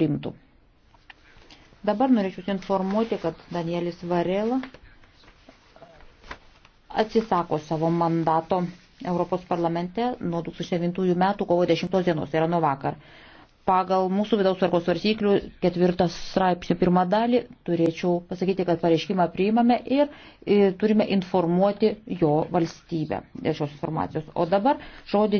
primtų. Dabar norėčiau informuoti, kad Danielis Varela atsisako savo mandato Europos parlamente nuo 2009 metų kovo 10 dienos, tai yra nuo vakar. Pagal mūsų vidaus tvarkos svarsyklių ketvirtas straipsnių pirmą dalį turėčiau pasakyti, kad pareiškimą priimame ir, ir e, turime informuoti jo valstybę dėl šios informacijos. O dabar žodinį.